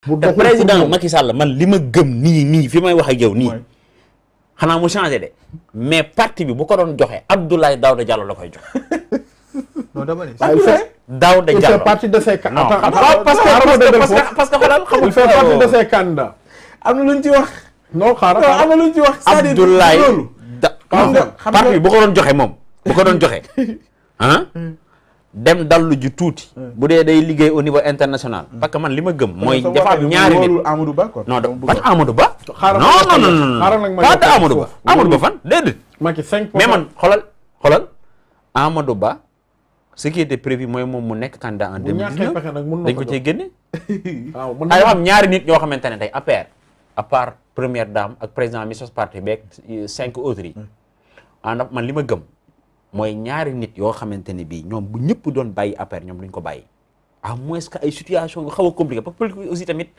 te président Macky Sall man li ma gëm nii nii fi may wax ak yow nii. xanaa mu changé de mais parti bi bu ko doon joxe Abdoulaye Daouda Diallo la koy joxe. non dama ne. Daouda Diallo il fait partie de ses candidats. non parce ah, parce que xoolal xamul. il fait partie de ses candidats. am na ci wax. non xaaral am na lu ci wax. c'est-à-dire Abdoulaye da parti bi bu ko doon joxe moom bu ko doon joxe ah. dem dallu ju tuuti. bu dee day liggéey au niveau international. Mm. parce man li ma gëm mooy. dafa am ñaari nit Amadou Ba quoi. non Ba. xaaral ma non non non pas Ba Amadou Ba fan déedéet. Macky cinq mais man xoolal xoolal Amadou Ba. ce qui était mooy moom mu nekk candidat en 2019 dañ ko cee génne. waaw mën naa xam ñaari nit ñoo xamante ne tey APR. à part première dame ak président mi sos parti beeg euh, cinq autres yi. maanaam ah, man li ma gëm. mooy ñaari nit yoo xamante ne bii ñoom bu ñëpp doon bàyyi APR ñoom duñ ko bàyyi à moins que ay situation yu xaw a compliqué parce que politique aussi tamit.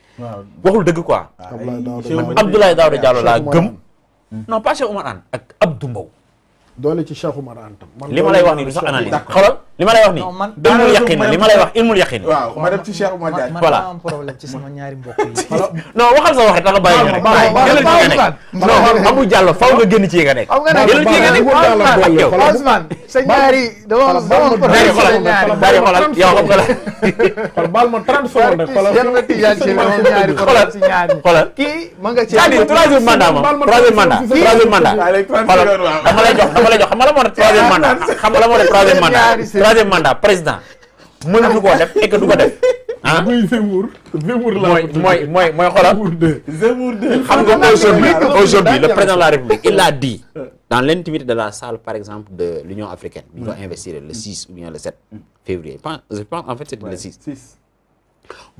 waxul dëgg quoi. Ah, man Abdoulaye Daouda Diallo laa gëm. non pas Cheikh Oumar an ak Abdou Mbow. doole ci Cheikh Oumar Anne tam. li ma lay wax nii du sax li ma lay wax nii. non man ilmul yaqin li ma lay wax ilmul yaqin. waaw ma dem ci Cheikh Oumar Diagne. voilà man am problème ci sama ñaari mbokk yi. non waxal sa wax rek da nga bàyyi nga rek. non Abou Diallo faw nga génn ci yi nga nekk. génn ci yi nga nekk ak yow. Ousmane sa ñaari. dama dama problème sa ñaari bari xoolal yow xam nga la. xool baal ma 30 secondes xoolal. jël nga tijaan ci ñaari xoolal si ñaari. xoolal kii ma nga cee. c'est-à-dire troisième mandat moom troisième mandat. troisième mandat. xoolal dama lay jox dama lay jox xam nga la moo ne troisième mandat xam nga la moo ne troisième mandat troisième mandat président mënatu koo def et que du ko def. ah muy Zemmour. Zemmour la mooy mooy mooy nga aujourd'hui aujourd'hui le président de la République il a dit. Euh. dans l'intimité de la salle par exemple de l'Union africaine. bi ñu ko investir le 6 ou le 7 février je pense je pense en fait c'était le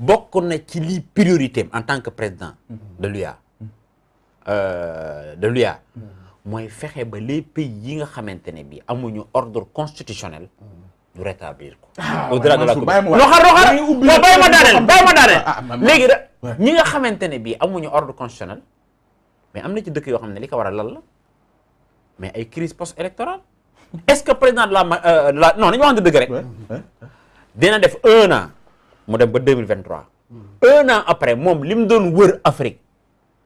bokk na ci lii priorité en tant que président. de l'UA mm-hmm. euh, de l'UA mm-hmm. mooy fexe ba les pays yi nga xamante ne bii amuñu ordre constitutionnel. Mm-hmm. du rétablir ko. Ah, au delà de la coupe roxal ma daaneel bàyyi ma daaneel ah, ah, léegi da ñi nga xamante ne bii amuñu ordre constitutionnel mais am na ci dëkk yoo xam ne li ko war a lal la mais ay crise post électorale est-ce que président de la euh, la non nañu waxante dëgg rek dina def un mu dem ba 2023 hmm. un an après moom li mu doon wër Afrique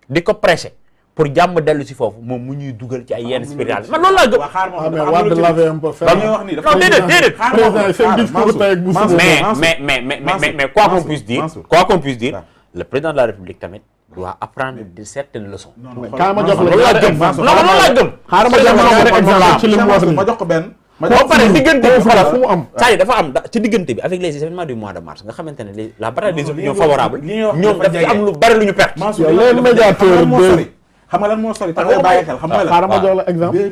di ko prêcher pour jàmm dellu si foofu moom mu ñuy dugal ci ay yenn spiritualité man laa gëm. waaw mais mais mais mais mais quoi le président de la république tamit. doit apprendre de certaines leçons. ma jox la loolu laa gëm non loolu ma jox la exemple ma jox ko benn. ma diggante bi fu am. saa dafa am ci diggante bi avec les événements du mois de mars nga xamante ne la bataille des opinions favorables ñoom dafa am lu bari lu ñu perte. xam nga lan moo sori. tax nga bàyyi xel xam nga la xaaral ma jox la ah, exemple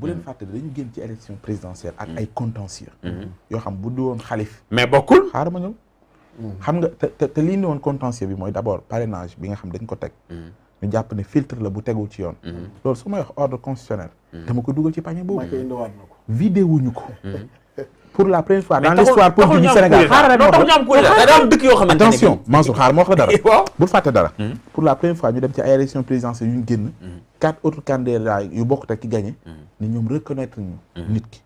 bu leen hmm. fàttali dañu génn ci élection présidentielle ak hmm. ay contentieux. Hmm. yoo xam bu du woon xalif. mais bokkul xaaral ma ñëw. xam nga te te lii ne woon contentieux bi mooy d'abord parrainage bi nga xam dañ ko teg. ñu jàpp ne filtre la bu tegul ci yoon. loolu su may wax ordre constitutionnel. dama ko dugal ci panier boobu. vidéo wuñu ko. pour la première fois dans l'histoire politique du Sénégal am dëkk yoo xamante ne attention Mansour xaar ma wax la dara bul fàtte dara hmm. pour la première fois ñu dem ci ay élection yu ñu génn hmm. quatre autres candidats yu bokk ki gagné hmm. ni ñoom reconnaître ñu nit ki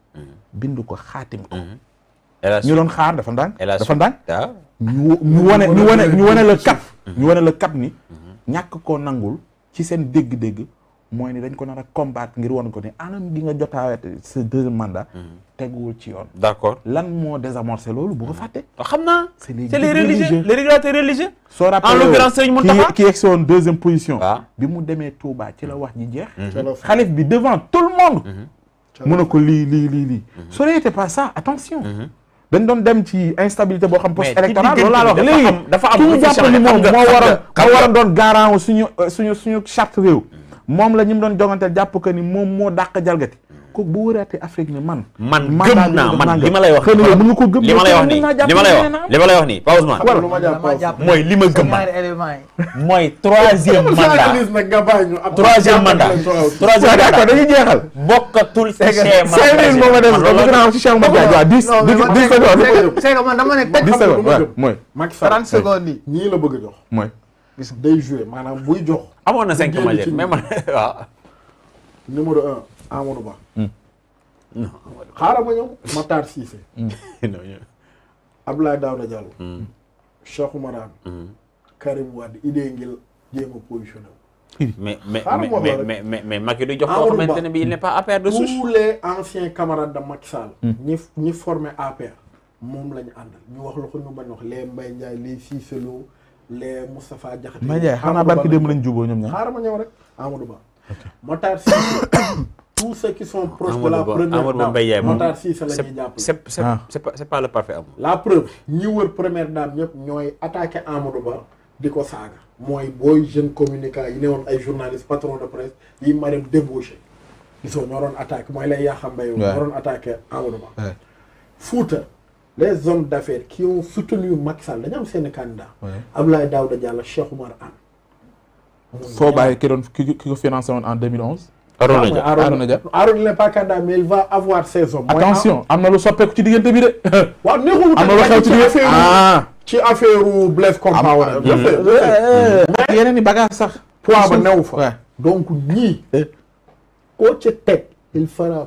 bindu ko xaatim ko ñu doon xaar dafa ndànk dafa ndànk ah. ñu ñu wane ñu wane ñu wane la cap ñu wane la cap ni ñàkk ko nangul ci seen dégg-dégg mooy ni dañ ko nar a combattre ngir woon ko ni anam gi nga jotaawet sa deuxième mandat mm-hmm. teguwul ci yoon d'accord lan moo désamorcé loolu bu ko fàtte ah, xam naa c'est les religieux les régulateurs religieux soo rappelé en l'occurrence Serigne Mountakha qui egsi woon position ah. bi mu demee Touba ci la wax ji jeex mm-hmm. xalif bi devant tout le monde mm-hmm. mun na ko lii lii lii lii soo était pas ça attention dañ doon dem ci instabilité boo xam poste électoral loolu laa wax léegi dafa am dafa am jàpp ni moom moo war a moo doon garant suñu euh, suñu suñu charte réew moom la ñu mu doon jonganteel jàpp que ni moom moo dàq jalgati ko bu wëraatee Afrique ni man. man gëm naa man li ma lay wax. xëy na ko gëm li ma lay wax nii li ma lay wax li ma lay wax nii Pa Ousmane. mooy li ma gëm man mooy troisième mandat troisième mandat. troisième mandat dañuy jeexal. ma des bëgg naa am ci schéma la bëgg jox mooy. gis day joué maanaam buy jox. amoon na cinq majeur mais man waaw. numéro un Amadou Ba. Hmm. non xaaral ma ñëw Matar Cissé. Hmm. Abdoulaye Daouda Diallo. Hmm. Cheikh Oumar Anne. Karim Wade idée ngil jéem a positionné mais mais mais mais mais Macky du jox koo xamante ne bi il n'est pas APR de souche. tous les anciens camarades de Macky Sall. ñi ñi formé APR. moom la ñu àndal ñu wax la ko ñu bañ wax les Mbaye Ndiaye les Cissé Lo. les Moustapha Diakhaté. ma jaay xanaa barki démb lañ juboo ñoom ñaar xaaral ma ñëw rek Amadou Ba. Matar Cissé tous ceux qui sont proches de la première dame Matar Cissé la ñuy jàppale. c'est c'est ah. c'est pas le parfait wër première dame ñëpp ñooy attaqué Amadou Ba di ko saaga. mooy booy jeune communicant yi ne woon ay journaliste patron de presse yi Mariam débauché. gisoo ñoo doon attaque mooy lay yaa xam mbéy mi. ñoo doon attaqué Ba. Fouta. les hommes d'affaires qui ont soutenu Macky Sall dañu am seen candidat. Abdoulaye Daouda Diallo Cheikh Oumar foo bàyyi ki doon ki ko financé en 2011. Ah, Arona Dia Arona Dia Arona pas candidat mais il va avoir ses attention am na lu soppeeku ci diggante bi de. waaw nekkul am na lu xew ci diggante ah. ci affaire Blaise Compaoré. am yeneen i bagage sax. poids ba new fa. donc ñii. Eh. koo il fera.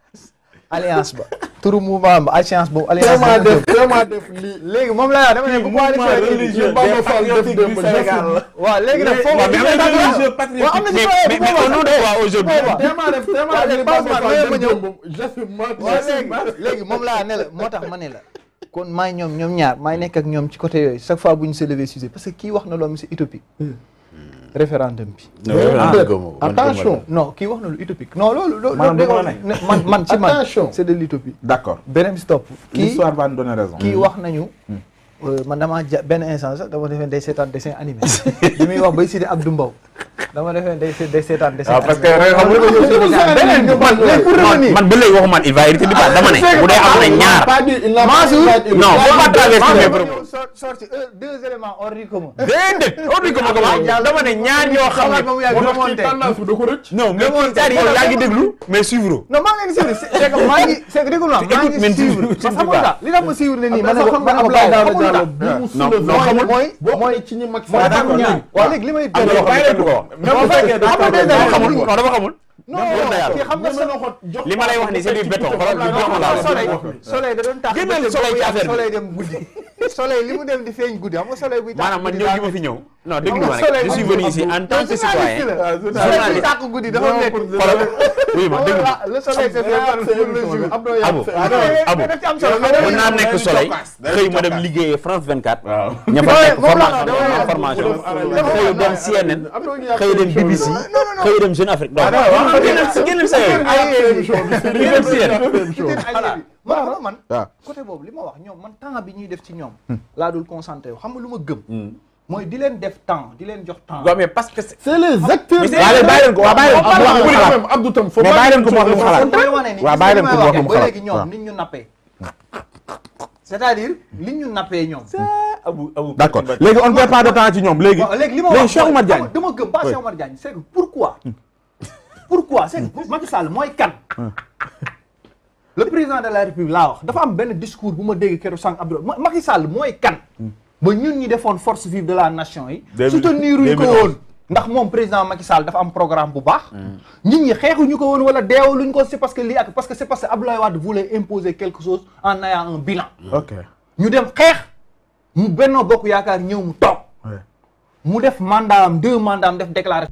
alliance ba turu mouvement ba alliance boobu alliance ba def vraiment def lii léegi moom laa dama ne bu coalition bi la waaw léegi nag foofu waaw am na ci waaye bu boobaa aujourd'hui moom laa ne moo tax ma ne la kon maay ñoom ñoom ñaar maay nekk ak ñoom ci côté yooyu chaque fois bu ñu se lever sujet parce que kii wax na loo mi si utopie hmm. référendum bi. Ah, attention no kii wax na lu utopique. non loolu loolu man man ci man c'est de l'utopie. d'accord beneen si va kii wax nañu. Hmm. Euh, man damaa ja benn instant sax dama defoon day seetaan dessin animé. li muy wax bay Sidi Abdou Mbow. dama defe day se day seetaan de seetaan. parce que xam nga man ba léegi waxumaan il va hériter du pas dama ne. bu dee am na ñaar. non faut pas traverser mes propos. sorti deux éléments hors du commun. déedéet hors du commun dama ne ñaar ñoo xam ne. non mais c'est-à-dire yow yaa ngi déglu mais suivre. non maa ngi leen di suivre c'est que maa ngi c'est que déglu naa maa ngi suivre parce que li tax ma suivre ne nii man xam nga Abdoulaye Daouda Diallo bi mu suivre mooy mooy mooy ci ñi mag waaw léegi li may même ma lay wax ni c'est du béton xoolal du béton la. soleil soleil da dem di feeñ guddi xam nga buy tax maanaam man ñëw gi ma non déglu ma nag en tant que citoyen. journaliste sàkk guddi dafa nekk. oui ma déglu ma. le soleil c'est bien pour le jour. abo abo mën naa nekk soleil xëy ma dem liggéeyee France 24. waaw ña formation xëy dem CNN xëy dem BBC Afrique. donc génn sa man côté boobu li ma wax ñoom man temps bi ñuy def ci ñoom. laa dul concentré wu xam nga lu ma gëm. mooy di leen def temps di leen jox temps. waaw mais parce que c' est les acteurs. waaw bàyyi leen ko waaw bàyyi leen ko mu wax lu mu Abdou Tam foofu leen ko mu wax lu mu xalaat waaw bàyyi leen ko mu wax lu mu xalaat léegi ñoom niñ à dire ñu nappee ñoom. abu abu d' accord léegi on perd pas de temps ci ñoom léegi. léegi li ma wax Cheikh Oumar Diagne dama gëm pas Cheikh Oumar Diagne c' est que pourquoi. pourquoi c' est que Sall mooy kan. le président de la République laa wax dafa am benn discours bu ma dégg keroog sànq Abdou Macky Sall mooy kan. Hmm. ba ñun ñi defoon force vive de la nation yi. soutenir ñu ko woon. ndax moom président Macky Sall dafa am programme bu baax. Mm. nit ñi xeexuñu ko woon wala deewaluñ ko c'est parce que lii ak parce que c'est parce que Abdoulaye Wade voulait imposer quelque chose en ayant un bilan. Mm. ok ñu dem xeex mu Benno Bokk Yaakaar ñëw mu toog. mu def mandat am deux mandats am def déclaration.